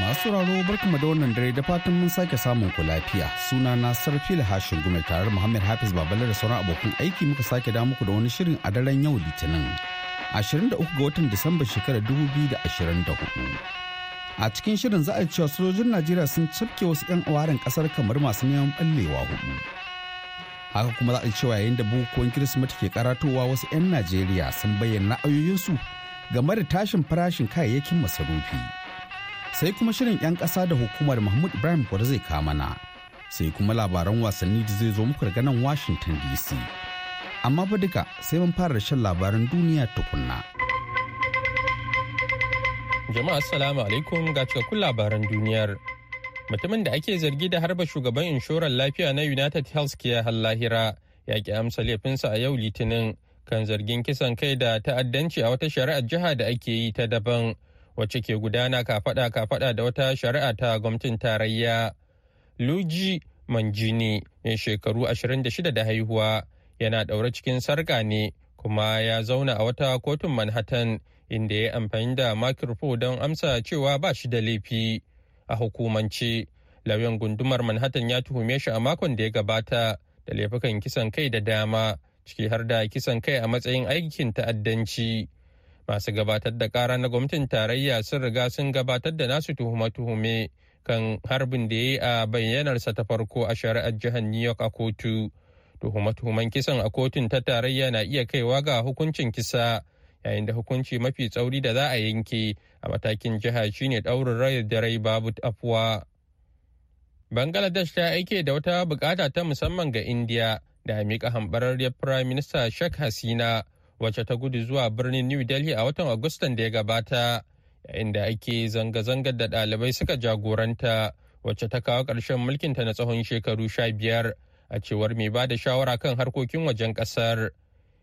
Masu raro barkama da wannan dare da fatan mun sake samun ku lafiya. Suna na Sarfil Hashin Gumel tare Muhammad Hafiz Babalar da sauran abokan aiki muka sake da muku da wani shirin a daren yau Litinin. 23 ga watan Disamba shekarar 2024. A cikin shirin za a cewa sojojin Najeriya sun cafke wasu 'yan awaren kasar kamar masu neman ballewa hudu. Haka kuma za a cewa yayin da bukukuwan Kirsimeti ke karatowa wasu 'yan Najeriya sun bayyana ra'ayoyinsu game da tashin farashin kayayyakin masarufi. sai kuma shirin 'yan ƙasa da hukumar mahmud ibrahim kwada zai kamana sai kuma labaran wasanni da zai zo muku daga nan washington dc amma ba duka sai mun fara shan labaran duniya tukunna jama'a assalamu alaikum ga cikakkun labaran duniyar mutumin da ake zargi da harba shugaban inshorar lafiya na united healthcare hallahira ya ki amsa laifinsa a yau litinin kan zargin kisan kai da ta'addanci a wata shari'ar jiha da ake yi ta daban wacce ke gudana kafaɗa-kafaɗa da wata shari'a ta gwamnatin tarayya luji manjini mai shekaru 26 da haihuwa yana ɗaure cikin sarka ne kuma ya zauna a wata kotun manhattan inda ya amfani da makirfo don amsa cewa ba shi da laifi a hukumance lauyan gundumar manhattan ya tuhume shi a makon da ya gabata da laifukan kisan kai da dama ciki har da kisan kai a matsayin aikin ta'addanci masu gabatar da kara na gwamnatin tarayya sun riga sun gabatar da nasu tuhume-tuhume kan harbin da ya yi a bayyanarsa ta farko a shari'ar jihar new york a kotu tuhume-tuhumen kisan a kotun ta tarayya na iya kaiwa ga hukuncin kisa yayin da hukunci mafi tsauri da za a yanke a matakin jiha shine ɗaurin rai da rai babu afuwa. Bangladesh ta aike da wata bukata ta musamman ga indiya da miƙa hambararriyar Prime Minister shak Hasina wacce ta gudu zuwa birnin New Delhi a watan Agustan da ya gabata, yayin da ake zanga-zangar da ɗalibai suka jagoranta wacce ta kawo ƙarshen mulkinta na tsawon shekaru sha biyar a cewar mai ba da shawara kan harkokin wajen ƙasar.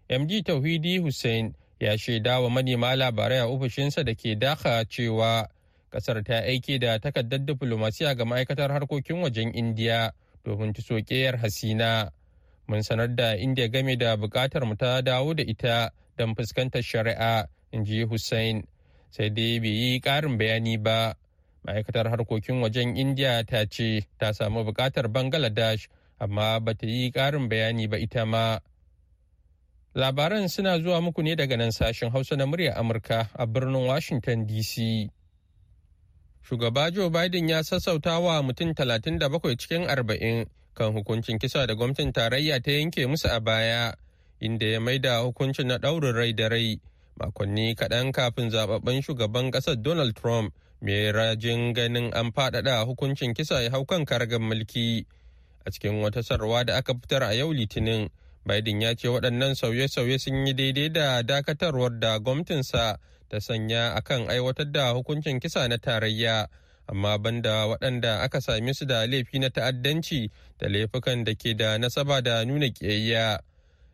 MD Tauhidi Hussein ya shaida wa manema labarai a ofishinsa da ke daka cewa ƙasar ta aike da takardar diflomasiya ga ma'aikatar harkokin wajen Indiya domin ta hasina. mun sanar da indiya game da bukatar mu ta dawo da ita don fuskantar shari'a in ji hussain sai dai bai yi karin bayani ba ma'aikatar harkokin wajen indiya ta ce ta samu bukatar bangladesh amma ba ta yi karin bayani ba ita ma labaran suna zuwa muku ne daga nan sashen hausa na murya amurka a birnin washington dc shugaba joe biden ya sassauta wa mutum 37 cikin arba'in. kan hukuncin kisa da gwamnatin tarayya ta yanke musu a baya inda ya maida hukuncin na ɗaurin rai da rai makonni kaɗan kafin zababben shugaban ƙasar donald trump mai rajin ganin an faɗaɗa hukuncin kisa ya hau kan kargan mulki a cikin wata sarwa da aka fitar a yau litinin biden ya ce waɗannan sauye-sauye sun yi daidai da dakatarwar da gwamnatinsa ta sanya akan aiwatar da hukuncin kisa na tarayya amma banda waɗanda aka same su da laifi na ta'addanci da laifukan da ke da nasaba da nuna ƙiyayya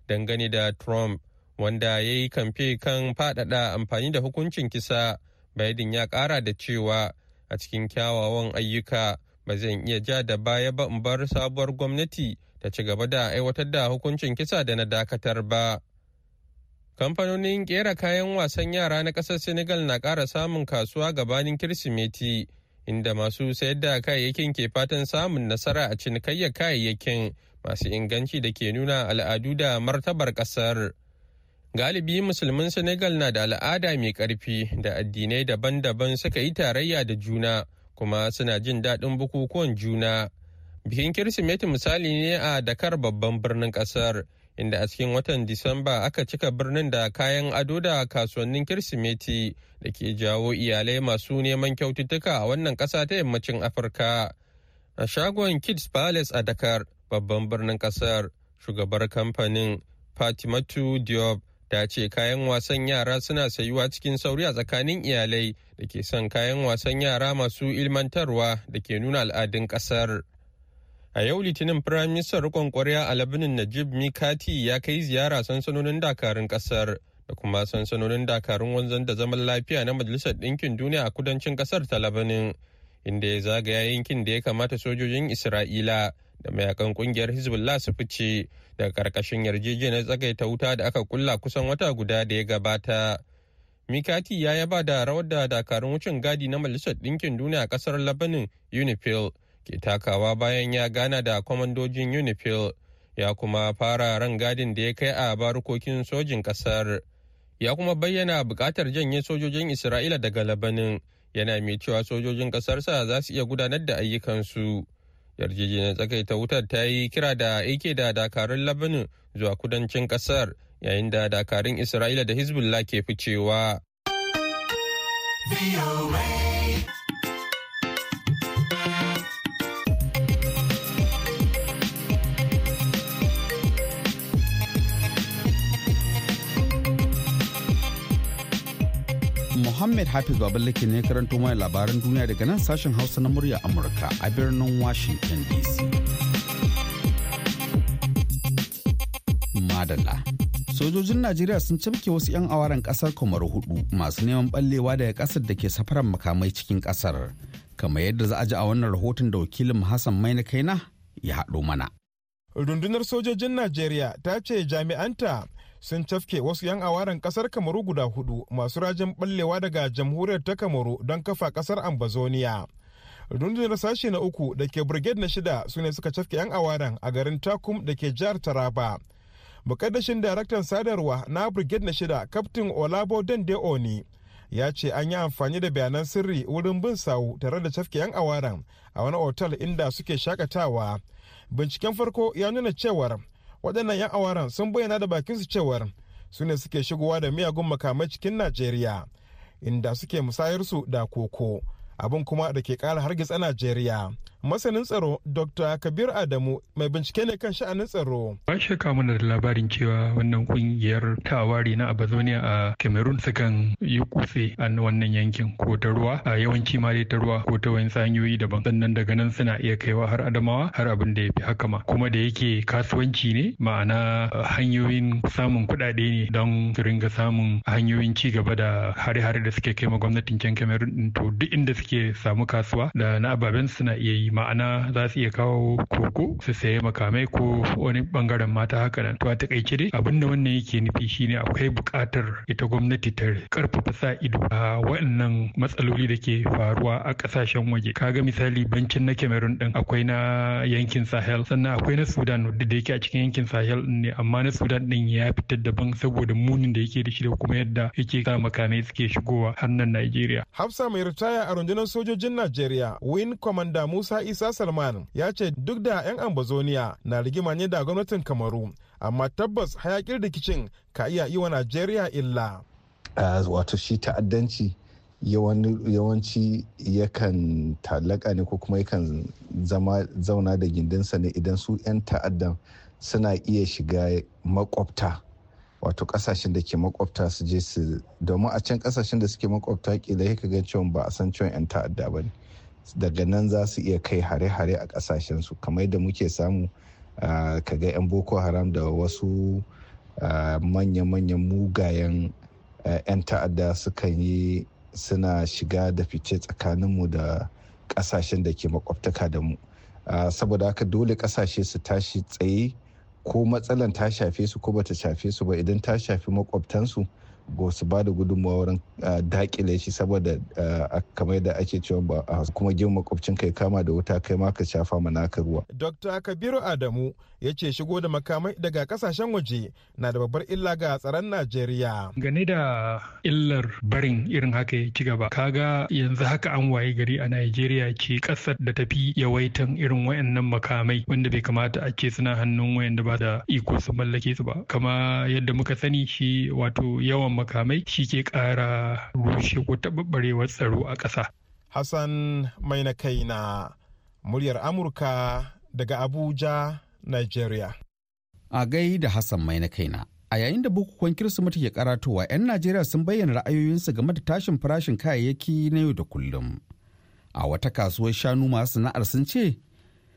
dangane da trump wanda ya yi kamfe kan faɗaɗa amfani da hukuncin kisa biden ya ƙara da cewa a cikin kyawawan ayyuka ba zan iya ja da baya ba in bar sabuwar gwamnati ta ci gaba da aiwatar da hukuncin kisa da na dakatar ba kamfanonin kera kayan wasan yara na ƙasar senegal na ƙara samun kasuwa gabanin kirsimeti inda masu sayar da kayayyakin ke fatan samun nasara a cinikayyar kayayyakin masu inganci da ke nuna al'adu da martabar ƙasar. Galibi musulmin Senegal na da al'ada mai ƙarfi da addinai daban-daban suka yi tarayya da juna kuma suna jin daɗin bukukuwan juna. Bikin Kirsimeti misali ne a Dakar babban birnin ƙasar inda a cikin watan Disamba aka cika birnin da kayan ado da kasuwannin Kirsimeti da ke jawo iyalai masu neman kyaututtuka a wannan ƙasa ta yammacin Afirka. A shagon Kids Palace a Dakar, babban birnin ƙasar, shugabar kamfanin Fatimatu Diop ta ce kayan wasan yara suna sayuwa cikin sauri a tsakanin iyalai da ke son kayan wasan yara masu ilmantarwa da ke nuna al'adun ƙasar. A yau Litinin Firaministan rikon kwarya a Labanin Najib Mikati ya kai ziyara sansanonin dakarun kasar da kuma sansanonin dakarun wanzan da zaman lafiya na Majalisar Ɗinkin Duniya a kudancin kasar ta Labanin, inda ya zagaya yankin da ya kamata sojojin Isra'ila da mayakan kungiyar Hezbollah su fice daga karkashin yarjejeniyar tsagaita wuta da aka kulla kusan wata guda da ya gabata. Mikati ya yaba da rawar da dakarun wucin gadi na Majalisar Ɗinkin Duniya a kasar Labanin UNIFIL ke takawa bayan ya gana da kwamandojin unifil ya kuma fara rangadin da ya kai a barukokin sojin ƙasar ya kuma bayyana bukatar janye sojojin isra'ila daga labanin yana mai cewa sojojin ƙasarsa za su iya gudanar da ayyukansu yarjejeniyar tsakaita wutar ta yi kira da aike da dakarun labanin zuwa kudancin ƙasar yayin da dakarun isra'ila da hezbollah ke ficewa. Muhammad Hafiz Babalake ne karanto mai labaran duniya daga nan sashen Hausa na murya Amurka a birnin Washington DC. Madalla. Sojojin Najeriya sun cafke wasu 'yan awaren kasar kamar hudu masu neman ballewa daga kasar da ke safaran makamai cikin kasar. Kamar yadda za a ji a wannan rahoton da wakilin Hassan mai na Kaina ya haɗo mana. Rundunar sojojin Najeriya ta ce jami'anta sun cafke wasu 'yan awaren kasar kamaru guda hudu masu rajin ballewa daga jamhuriyar ta kamaru don kafa kasar ambazoniya rundunar sashe na uku da ke brigade na shida su ne suka cafke 'yan awaren a garin takum da ke jihar taraba mukaddashin daraktan sadarwa na brigade na shida kaftin olabo dande oni ya ce an yi amfani da bayanan sirri wurin bin sawu tare da cafke 'yan awaren a wani otal inda suke shakatawa binciken farko ya nuna cewar waɗannan 'yan awaran sun bayyana da bakin su cewar su ne suke shigowa da miyagun makamai cikin najeriya inda suke su da koko abin kuma da ke ƙara hargitsa najeriya masanin tsaro dr kabir adamu mai bincike ne kan sha'anin tsaro ba ka mana da labarin cewa wannan kungiyar tawari na abazonia a cameroon sukan yi kutse a wannan yankin ko ta ruwa a yawanci ma dai ta ruwa ko ta wani sanyoyi daban sannan daga nan suna iya kaiwa har adamawa har abin da ya fi haka ma kuma da yake kasuwanci ne ma'ana hanyoyin samun kuɗaɗe ne don su ringa samun hanyoyin ci gaba da hare-hare da suke kai ma gwamnatin can cameroon to duk inda suke samu kasuwa da na ababen suna iya yi ma'ana za su iya kawo koko su sayi makamai ko wani bangaren mata haka nan to a takaice dai abin da wannan yake nufi shine akwai buƙatar ita gwamnati ta karfafa sa ido a waɗannan matsaloli da ke faruwa a ƙasashen waje kaga misali bancin na Cameroon din akwai na yankin Sahel sannan akwai na Sudan da yake a cikin yankin Sahel ɗin ne amma na Sudan ɗin ya fitar daban saboda munin da yake da shi da kuma yadda yake sa makamai suke shigowa har nan Najeriya Hafsa mai ritaya a rundunar sojojin Najeriya Win Commander Musa Isa Salman ya ce duk da 'yan Ambazoniya na rigima ne da gwamnatin Kamaru amma tabbas hayakin rikicin ka iya yi wa Najeriya illa. Wato shi ta'addanci yawanci yakan talaka ne ko kuma yakan zama zauna da gindinsa ne idan su 'yan ta'addan suna iya shiga makwabta wato kasashen da ke makwabta su je su domin a can kasashen da suke makwabta kila ka ga cewa ba a san cewa 'yan ta'adda ba ne daga nan za su iya kai hare-hare a kasashensu kamar yadda muke samu kaga 'yan boko haram da wasu manya-manyan mugayen 'yan ta'adda sukan yi suna shiga da fice tsakaninmu da kasashen da ke makwabtaka da mu saboda haka dole kasashe su tashi tsaye ko matsalan ta shafe su ko bata shafe su ba idan ta shafi makwabtansu ba su ba da gudunmawa wurin dakile shi saboda kamar da ake cewa ba a kuma gin makwabcin kai kama da wuta kai ma ka shafa ma naka ruwa. Dr. Kabiru Adamu ya ce shigo da makamai daga kasashen waje na da babbar illa ga tsaron Najeriya. Gane da illar barin irin haka ya ci gaba. Kaga yanzu haka an waye gari a Najeriya ce kasar da tafi yawaitan irin wayannan makamai wanda bai kamata a ce suna hannun wayanda ba da iko su mallake su ba. Kama yadda muka sani shi wato yawan yawan makamai shi ke ƙara rushe ko taɓaɓɓarewar tsaro a ƙasa. Hassan mai na kai na muryar Amurka daga Abuja, Nigeria. A gai da Hassan mai na kai na, A yayin da bukukuwan Kirsimeti ke karatowa, 'yan Najeriya sun bayyana ra'ayoyinsu game da tashin farashin kayayyaki na yau da kullum. A wata kasuwar shanu masu sana'ar sun ce,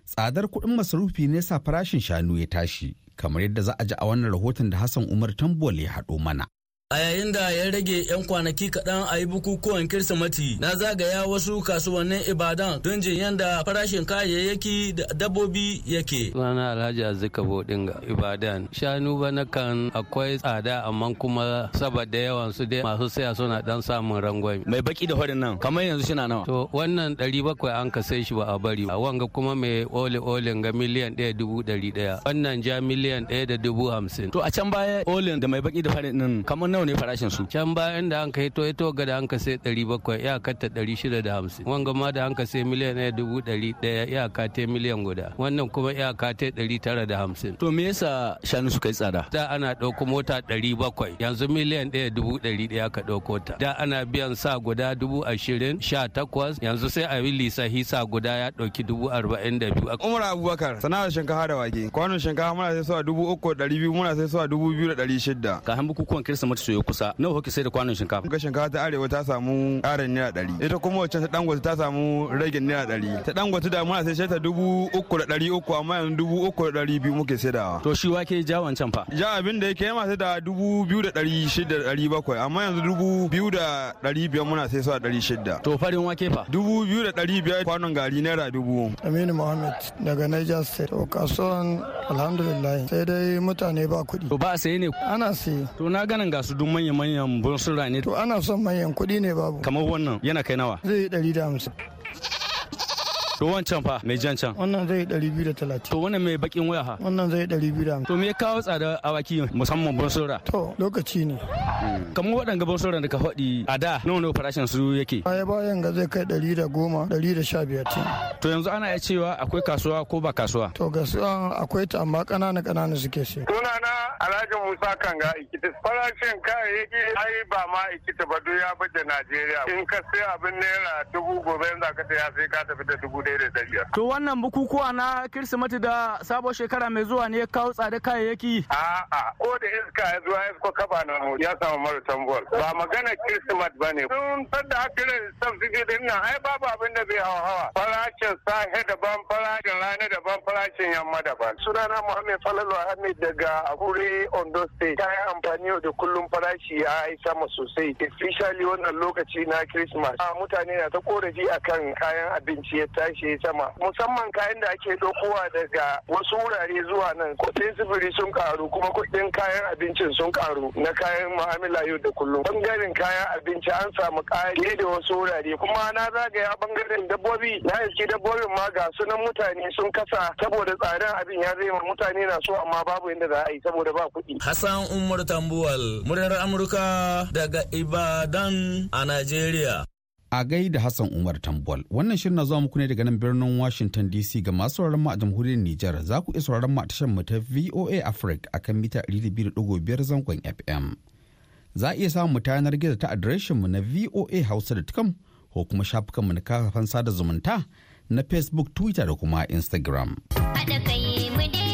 tsadar kuɗin masarufi ne sa farashin shanu ya tashi, kamar yadda za a ji a wannan rahoton da Hassan Umar Tambol ya haɗo mana. a yayin da ya rage 'yan kwanaki kaɗan a yi bukukuwan kirsimati na zagaya wasu kasuwannin ibadan don jin yadda farashin kayayyaki da dabbobi yake sunana alhaji azuka bodinga ibadan shanu bana kan akwai tsada amma kuma saboda yawan su dai masu saya suna dan samun rangwami mai baki da hodin nan kamar yanzu shi na nawa to wannan ɗari bakwai an ka sai shi ba a bari a wanga kuma mai ole ole ga miliyan ɗaya dubu ɗari ɗaya wannan ja miliyan ɗaya da dubu hamsin to a can baya olin da mai baki da farin nan kamar nawa nawa ne farashin su can bayan da hanka hito hito ga da hanka sai bakwai ya kata 700 shida da hamsin wanga ma da hanka sai miliyan ɗaya dubu ɗaya ya kate miliyan guda wannan kuma ya kate tara da hamsin. to me yasa shanu suka yi tsada da ana ɗauko mota bakwai yanzu miliyan ɗaya dubu ɗaya ka ɗauko ta da ana biyan sa guda dubu ashirin sha takwas yanzu sai a wili sahi sa guda ya ɗauki dubu arba'in da biyu. umar abubakar sana'ar shinkafa da wake kwanon shinkafa muna sai suwa dubu uku da biyu muna sai suwa dubu biyu da shida. ka kafin kukuwan kirsimeti siyo kusa nawa kuke sai da kwanon shinkafa ga shinkafa ta arewa ta samu ƙarin naira ɗari ita kuma wacce ta dangote ta samu ragin naira ɗari ta dangote da muna sai ta dubu uku da ɗari uku amma yanzu dubu uku da ɗari biyu muke saidawa to shi wake ja wancan fa ja abin da yake yana sai da dubu biyu da ɗari shida da ɗari bakwai amma yanzu dubu biyu da ɗari biyar muna sai su a ɗari shida to farin wake fa dubu biyu da ɗari biyar kwanon gari naira dubu aminu muhammad daga niger state to kasuwan alhamdulillah sai dai mutane ba kuɗi to ba a saye ne ana saye to na ganin gasu su duk manya manyan bunsura ne to ana son manyan kuɗi ne babu kamar wannan yana kai nawa zai yi ɗari da hamsin to wancan fa mai jan can wannan zai yi ɗari biyu talatin to wannan mai bakin waya ha wannan zai yi ɗari biyu da. to me kawo tsada awaki musamman bonsora to lokaci ne kamar waɗanga bonsora da ka faɗi a da nawa nawa farashin su yake baya bayan ga zai kai ɗari ɗari da da goma sha 115 to yanzu ana iya cewa akwai kasuwa ko ba kasuwa to gaskiya akwai ta amma ƙanana ƙanana suke sai sunana Alhaji Musa Kanga Ikiti farashin kayayyaki ai ba ma Ikiti ba duk ya baje Najeriya in ka sai abin naira dubu gobe yanzu ka ya sai ka tafi da dubu ɗaya To wannan bukukuwa na Kirsimeti da sabon shekara mai zuwa ne kawo tsada kayayyaki? A'a, ko da iska ya zuwa iska kaba na ya samu mara tambol. Ba magana Kirsimeti ba ne. Sun sanda aka yi subsidy din nan ai babu abin da zai hawa hawa. Farashin sahe daban, farashin rana daban, farashin yamma daban. Sunana Muhammad Falalu Ahmed daga Akure Ondo State. Ta yi amfani da kullum farashi ya yi sama sosai. Especially wannan lokaci na Christmas. Mutane na ta korafi akan kayan abinci ya tashi. shi sama musamman kayan da ake dokowa daga wasu wurare zuwa nan kuɗin sifiri sun karu kuma kuɗin kayan abincin sun karu na kayan mu'amala yau da kullum bangaren kayan abinci an samu ƙari da wasu wurare kuma na zagaya bangaren dabbobi na iski dabbobin ma ga sunan mutane sun kasa saboda tsadar abin ya zai mutane na so amma babu inda za a yi saboda ba kuɗi. Hassan Umar Tambuwal, Murar Amurka daga Ibadan a Najeriya. a da Hassan Umar Tambol. Wannan shirin na zuwa muku ne daga nan birnin Washington DC ga masu sauraron mu a jamhuriyar Nijar. Za ku iya sauraron mu a tashar mu ta VOA Africa a kan mita 200.5 zangon FM. Za a iya samun mu ta yanar gizo ta adireshin mu na voa voahausa.com ko kuma shafukan mu na kafafen sada zumunta na Facebook, Twitter da kuma Instagram. Haɗa kai mu dai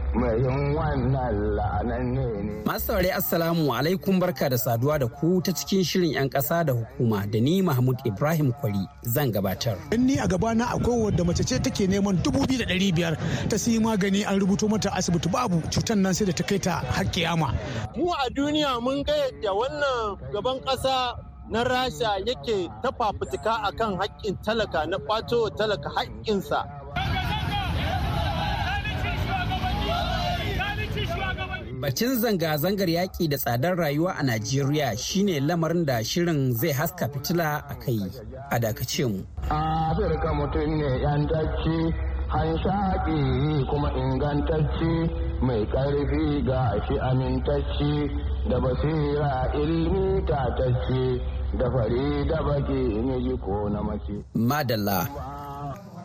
Masaurai Assalamu alaikum barka da saduwa da ku ta cikin shirin 'yan ƙasa da hukuma da ni Mahmud Ibrahim Kwari zan gabatar. In ni a gabana akwai wadda mace ce take neman dubu biyu da ɗari biyar ta siyi magani an rubuto mata asibiti babu cutar nan sai da ta kai ta har kiyama. Mu a duniya mun ga yadda wannan gaban ƙasa na rasha yake ta fafutuka akan haƙƙin talaka na ƙwato talaka haƙƙinsa Bacin zanga-zangar yaƙi da tsadar rayuwa a Najeriya shine lamarin da shirin zai haska fitila a kai a dakace mu. Afirka mutum ne yantacci, hanshaƙi kuma ingantacci mai ƙarfi ga shi amintacci da basira ilmi tacci da fari da baki ko na mace. Madalla.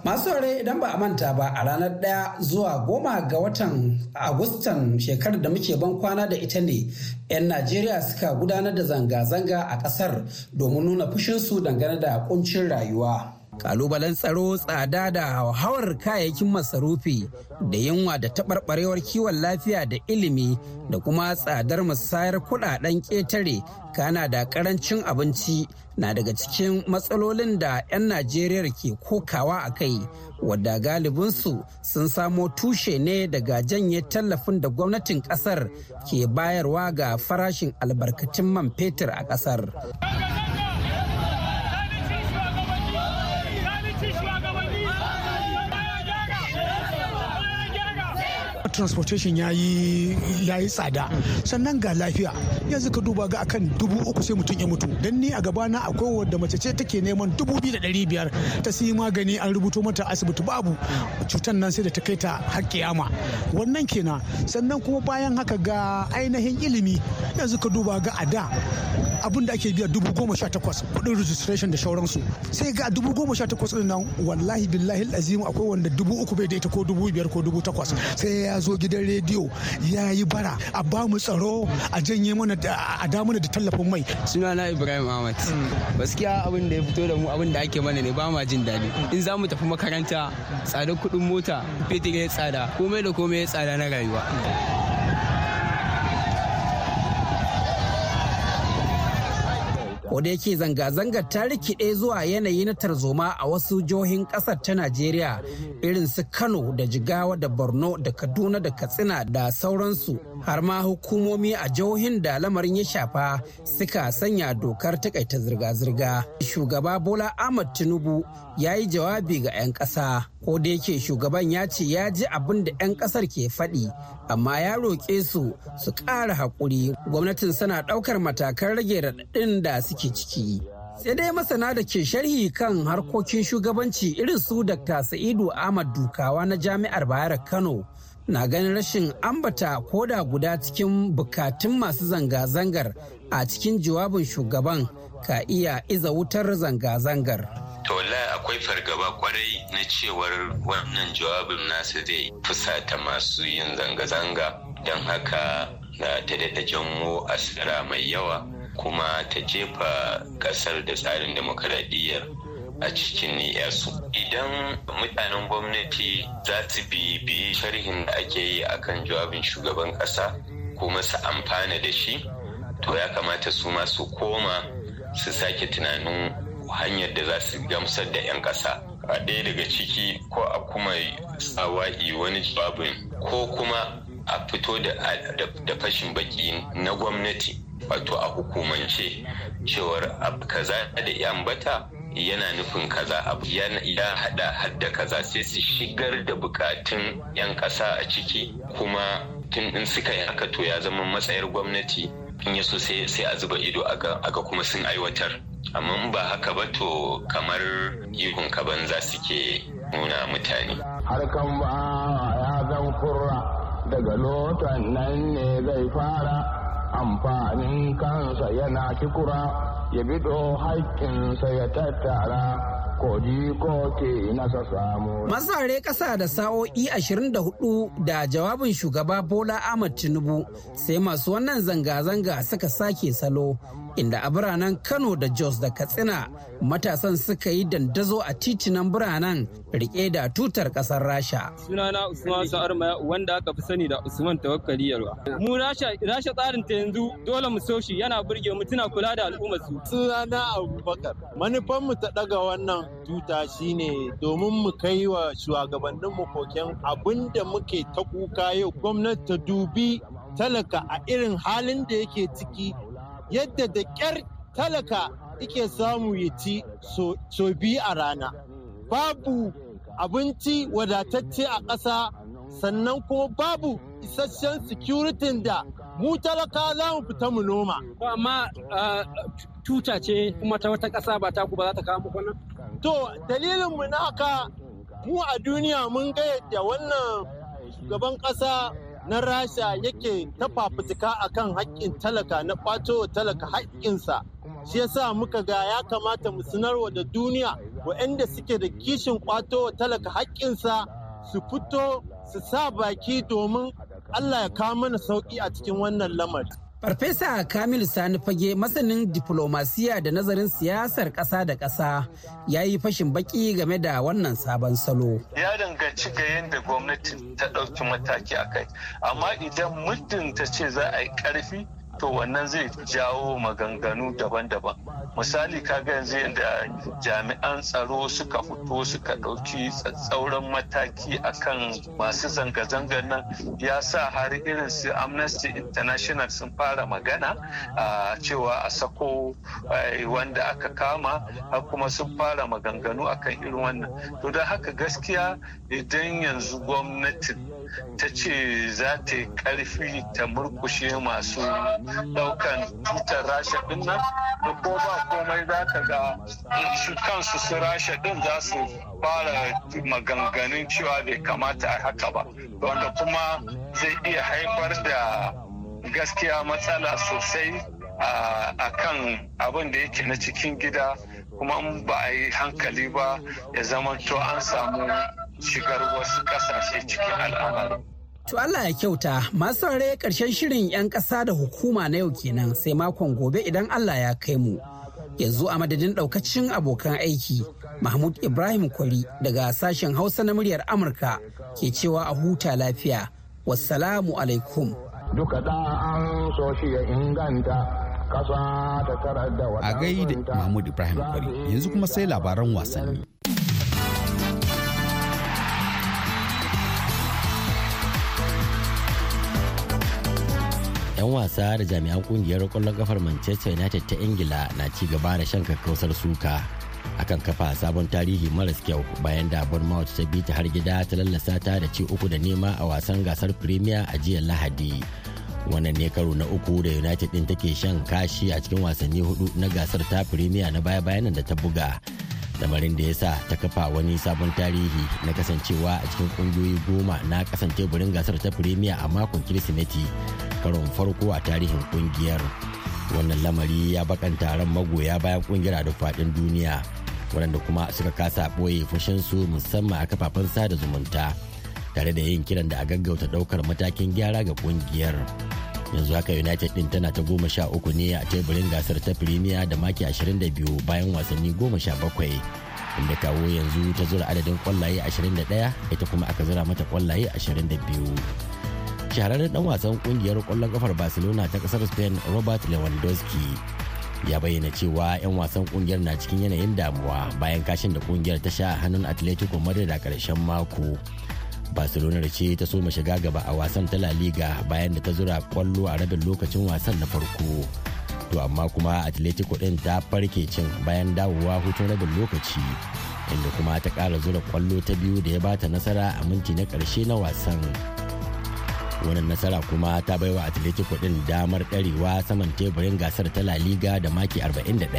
masu saurare idan ba a manta ba a ranar ɗaya zuwa goma ga watan agustan shekarar da muke ban kwana da ita ne 'yan najeriya suka gudanar da zanga-zanga a ƙasar domin nuna fushinsu dangane da kuncin rayuwa kalubalen tsaro tsada da hauhawar kayayyakin masarufi da yunwa da taɓarɓarewar kiwon lafiya da ilimi da kuma tsadar musayar kuɗaɗen ƙetare kana da ƙarancin abinci na daga cikin matsalolin da 'yan najeriya ke kokawa a kai wadda galibinsu sun samo tushe ne daga janye tallafin da gwamnatin ƙasar ke bayarwa ga farashin albarkatun man fetur a ƙasar. transportation ya yi tsada sannan ga lafiya yanzu ka duba ga akan dubu uku sai mutum ya mutu don ni a gabana akwai wadda mace ce take neman dubu biyu da ɗari biyar ta siyi magani an rubuto mata asibiti babu cutan nan sai da ta kai ta har kiyama wannan kenan sannan kuma bayan haka ga ainihin ilimi yanzu ka duba ga a da abin da ake biya dubu goma sha takwas kudin registration da shauransu sai ga dubu goma sha takwas din nan wallahi billahi azimu akwai wanda dubu uku bai da ita ko dubu biyar ko dubu takwas sai ya zo gidan rediyo ya yi bara a ba mu tsaro a janye mana a da da tallafin mai Suna na ibrahim ahmad gaskiya abin da ya fito da mu abin da ake mana ne ba ma jin daɗi in za mu tafi makaranta tsadar kuɗin mota fetur ya tsada komai da komai ya tsada na rayuwa ko da yake zanga-zangar ta rikide zuwa yanayi na tarzoma a wasu jihohin kasar ta najeriya irin su kano da jigawa da borno da kaduna da katsina da sauransu har ma hukumomi a jihohin da lamarin ya shafa suka sanya dokar takaita zirga-zirga shugaba bola ahmad tinubu ya yi jawabi ga 'yan ƙasa ko da yake shugaban ya ce ya ji abin da 'yan kasar ke faɗi amma ya roƙe su su ƙara haƙuri gwamnatin suna ɗaukar matakan rage raɗaɗin da suke ciki sai dai masana da ke sharhi kan harkokin shugabanci irin su dr sa'idu ahmad dukawa na jami'ar bayar kano na ganin rashin ambata koda guda cikin bukatun masu zanga-zangar a cikin jawabin shugaban ka iya iza wutar zanga-zangar. To akwai fargaba kwarai na cewar wannan jawabin nasu zai fusata masu yin zanga-zanga don haka da ta daɗa janwo asara mai yawa kuma ta jefa ƙasar da tsarin demokaradiyyar a cikin su. idan mutanen gwamnati za su bi biyi sharhin da ake yi a kan jawabin shugaban ƙasa kuma su amfana da shi to ya kamata su masu koma su sake tunanin hanyar da za su gamsar da 'yan ƙasa a ɗaya daga ciki ko a kuma tsawa'i wani jawabin ko kuma a fito da fashin baki na gwamnati wato a hukumance cewar abu kaza da 'yan bata yana nufin kaza abu ya hada hadda kaza sai su shigar da bukatun 'yan ƙasa a ciki kuma tun in suka yi haka to ya zama matsayar gwamnati in ya so sai a zuba ido aga kuma sun aiwatar amma in ba haka ba to kamar ihun ka banza suke nuna mutane harkan ba ya zan kurra daga lotan nan ne zai fara amfanin kansa yana kikura ya bido haƙƙinsa ya tattara ko ke Masare ƙasa da sa'o'i 24 da jawabin shugaba Bola Ahmad Tinubu sai masu wannan zanga-zanga suka sake salo inda a biranen Kano da Jos da Katsina matasan suka yi dandazo a titinan biranen rike da tutar kasar Rasha. Sunana Usman Sa'ar wanda aka fi sani da Usman Tawakkali Yarwa. Mu Rasha Rasha tsarin ta yanzu dole mu so yana burge mu tana kula da al'ummar su. Sunana Abubakar manufan mu ta daga wannan tuta shine domin mu kai wa shugabannin mu koken abinda muke ta kuka yau gwamnati ta dubi talaka a irin halin da yake ciki yadda da ƙyar talaka ike samu ya ci so biyu a rana babu abinci wadatacce a ƙasa sannan kuma babu isasshen sikuritin da mu talaka za mu fita mu noma. amma tuta ce kuma ta wata ƙasa ba ta ku ba za ta kawo muku nan? to dalilin mu na ka mu a duniya mun ga yadda wannan gaban ƙasa na rasha yake ta fafutuka kan haƙƙin talaka na ƙwato talaka haƙƙinsa shi yasa muka ga ya kamata mu sanarwa da duniya waɗanda suke da kishin ƙwato talaka haƙƙinsa su fito su sa baki domin allah ya kawo mana sauƙi a cikin wannan lamari Farfesa Kamil Sani Fage masanin diplomasiya da nazarin siyasar ƙasa da ƙasa ya yi fashin baki game da wannan sabon salo. Ya danganci ga yadda gwamnati ta ɗauki mataki a kai, amma idan muddin ta ce za a yi ƙarfi to wannan zai jawo maganganu daban-daban misali kaga yanzu yadda jami'an tsaro suka fito suka ɗauki tsauran mataki akan masu zanga-zangar nan ya sa har irin su amnesty international sun fara magana a cewa a sako wanda aka kama har kuma sun fara maganganu akan irin wannan to don haka gaskiya idan yanzu gwamnatin ta ce za ta karfi ta murkushe masu daukan tutar rasha din nan da ko ba komai za ta ga su kansu su rasha din za su fara maganganun cewa bai kamata a haka ba wanda kuma zai iya haifar da gaskiya matsala sosai a kan abin da yake na cikin gida kuma ba a yi hankali ba ya zama to an samu shigar wasu ƙasashe cikin al'amarin. To Allah ya kyauta, masu rai ƙarshen shirin 'yan ƙasa da hukuma na yau kenan sai makon gobe idan Allah ya kai mu. Yanzu a madadin ɗaukacin abokan aiki, Mahmud Ibrahim Kwari daga sashen Hausa na muryar Amurka ke cewa a huta lafiya. Wassalamu alaikum. Duka da an so shi ya inganta kasa ta tarar da A gaida Mahmud Ibrahim Kwari yanzu kuma sai labaran wasanni. 'yan wasa da jami'an kungiyar kwallon kafar manchester united ta ingila na ci gaba da shan kakkausar suka akan kafa sabon tarihi maras kyau bayan da bournemouth ta bi ta har gida ta lallasa ta da ci uku da nema a wasan gasar premier a jiya lahadi wannan ne karo na uku da united din take shan kashi a cikin wasanni hudu na gasar ta premier na baya-bayanan da ta buga lamarin da ya sa ta kafa wani sabon tarihi na kasancewa a cikin kungiyoyi goma na kasan teburin gasar ta firimiya a makon kirsimeti karon farko a tarihin kungiyar wannan lamari ya bakanta ran magoya bayan kungiyar da faɗin duniya waɗanda kuma suka kasa ɓoye fushinsu musamman a kafafen sada zumunta tare da yin kiran da a gaggauta ɗaukar matakin gyara ga kungiyar. yanzu haka united din tana ta goma sha uku ne a teburin gasar ta firimiya da maki 22 bayan wasanni goma sha bakwai inda kawo yanzu ta zura adadin kwallaye 21 ita kuma aka zura mata kwallaye 22 shahararren dan wasan kungiyar kwallon kafar barcelona ta kasar spain robert lewandowski ya bayyana cewa 'yan wasan kungiyar na cikin yanayin damuwa bayan kashin da kungiyar ta sha hannun atletico madrid a karshen mako barcelona ce ta soma shiga gaba a wasan ta la liga bayan da ta zura kwallo a rabin lokacin wasan na farko to amma kuma atletico din ta farke cin bayan dawowa hutun rabin lokaci inda kuma ta kara zura kwallo ta biyu da ya bata nasara a minti na karshe na wasan wannan nasara kuma ta bai wa atletico din damar ɗarewa saman teburin gasar ta la liga da maki 41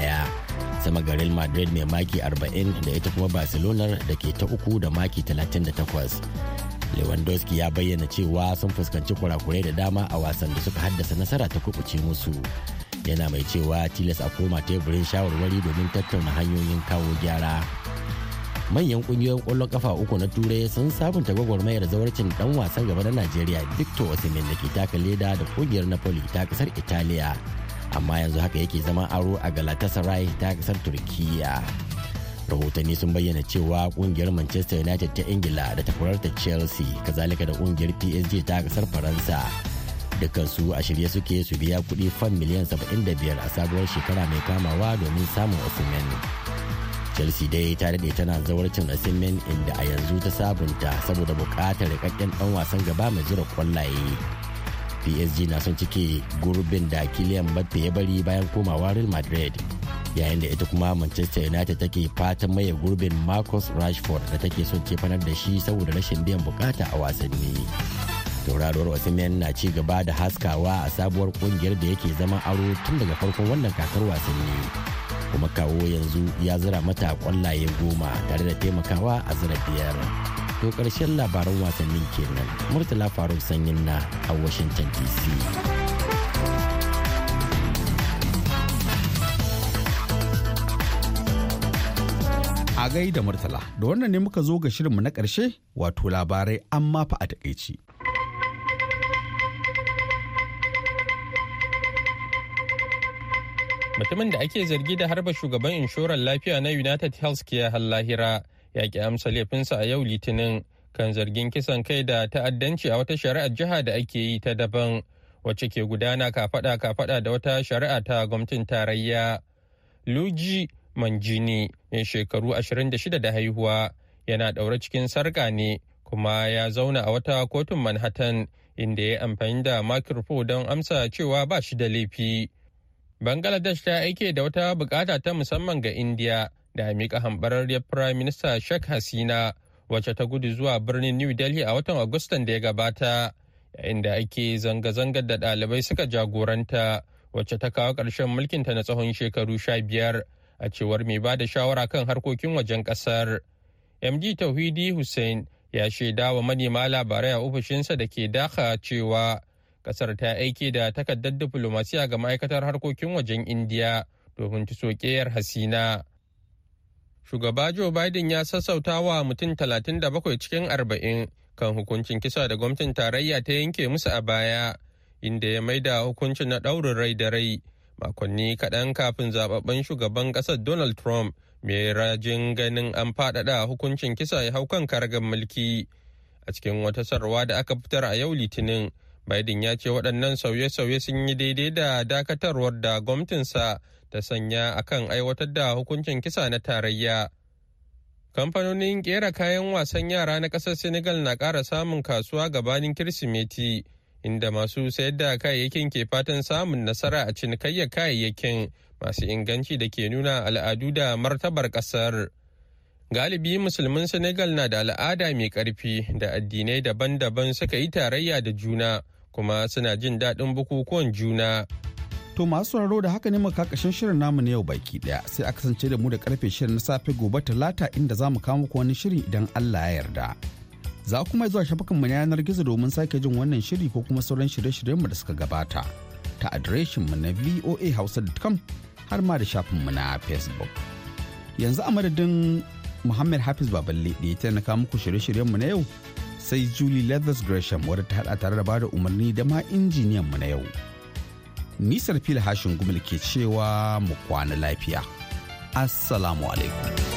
sama ga real madrid mai maki 40 da ita kuma barcelona da ke ta uku da maki 38 Lewandowski ya bayyana cewa sun fuskanci kurakurai da dama a wasan da suka haddasa nasara ta kubuce musu. Yana mai cewa tilas a koma teburin shawarwari domin tattauna hanyoyin kawo gyara. manyan kungiyoyin kwallon kafa uku na turai sun sabunta gwagwarmayar zawarcin dan wasan gaba na najeriya victor osimhen da ke taka leda da kungiyar napoli ta kasar italiya amma yanzu haka yake zama aro a galatasaray ta kasar turkiya rahotanni sun bayyana cewa kungiyar manchester united ta ingila da ta takwararta chelsea kazalika da kungiyar psg ta kasar faransa dukansu a shirye suke su biya kuɗi fan miliyan 75 a sabuwar shekara mai kamawa domin samun osimhen chelsea dai ta daɗe tana zawarcin osimhen inda a yanzu ta sabunta saboda buƙatar rikakken ɗan wasan gaba mai zura kwallaye psg na son cike gurbin da kilian mbappe ya bari bayan komawa real madrid yayin da ita kuma manchester united take fatan maye gurbin marcus rashford da take son cefanar da shi saboda rashin biyan bukata a wasanni tauraruwar osimhen na ci gaba da haskawa a sabuwar kungiyar da yake zama aro tun daga farkon wannan kakar wasanni kuma kawo yanzu ya zira mata kwallaye goma tare da taimakawa a zira biyar to karshen labaran wasannin kenan murtala faruk sanyin na a washington dc a gaida murtala da wannan ne muka zo ga shirinmu na ƙarshe wato labarai amma fa a takaici. mutumin da ake zargi da harba shugaban inshorar lafiya na united healthcare hallahira ya ki amsa laifinsa a yau litinin kan zargin kisan kai da ta'addanci a wata shari'ar jiha da ake yi ta daban wacce ke gudana kafada kafada da wata shari'a ta gwamnatin tarayya luji manjini mai shekaru 26 da haihuwa yana daure cikin sarka ne kuma ya zauna a wata kotun manhattan inda ya amfani da microphone don amsa cewa ba shi da laifi Bangladesh ta aike da wata bukata ta musamman ga India da miƙa hambararriyar Prime Minister Sheikh Hasina wacce ta gudu zuwa birnin New Delhi a watan Agustan da ya gabata yayin da ake zanga-zangar da ɗalibai suka jagoranta wacce ta kawo ƙarshen mulkinta na tsawon shekaru sha biyar a cewar mai ba da shawara kan harkokin wajen ƙasar. MD Tauhidi Hussein ya shaida wa manema labarai a ofishinsa da ke daka cewa kasar ta aike da takardar diflomasiya ga ma'aikatar harkokin wajen indiya domin ta sokeyar hasina shugaba joe biden ya sassauta wa mutum 37 cikin 40 kan hukuncin kisa da gwamnatin tarayya ta yanke musu a baya inda ya maida hukuncin na ɗaurin rai da rai makonni kaɗan kafin zababben shugaban ƙasar donald trump mai rajin ganin an faɗaɗa hukuncin kisa ya hau kan mulki a cikin wata sarwa da aka fitar a yau litinin Biden ya ce waɗannan sauye-sauye sun yi daidai da dakatarwar da gwamnatinsa ta sanya akan aiwatar da hukuncin kisa na tarayya. Kamfanonin ƙera kayan wasan yara na ƙasar Senegal na ƙara samun kasuwa gabanin Kirsimeti, inda masu sayar da kayayyakin ke fatan samun nasara a cinikayya kayayyakin masu inganci da ke nuna al'adu da martabar ƙasar. Galibi musulmin Senegal na da al'ada mai ƙarfi da addinai daban-daban suka yi tarayya da juna. kuma suna jin daɗin bukukuwan juna. To masu sauraro da haka ne muka kakashin shirin namu na yau baki ɗaya. sai a kasance da mu da karfe shirin na safe gobe talata inda za mu kawo muku wani shirin idan Allah ya yarda. Za kuma zuwa shafukan mu na yanar gizo domin sake jin wannan shiri ko kuma sauran shirye-shiryen mu da suka gabata ta adireshin mu na voahausa.com har ma da shafin mu na Facebook. Yanzu a madadin Muhammad Hafiz Baballe da ya taimaka muku shirye-shiryen mu na yau sai Julie Leathers Gresham wadda ta hada tare da bada umarni da ma injiniyan mu na yau. Nisar fil hashin gumul ke cewa mu kwana lafiya. Assalamu alaikum.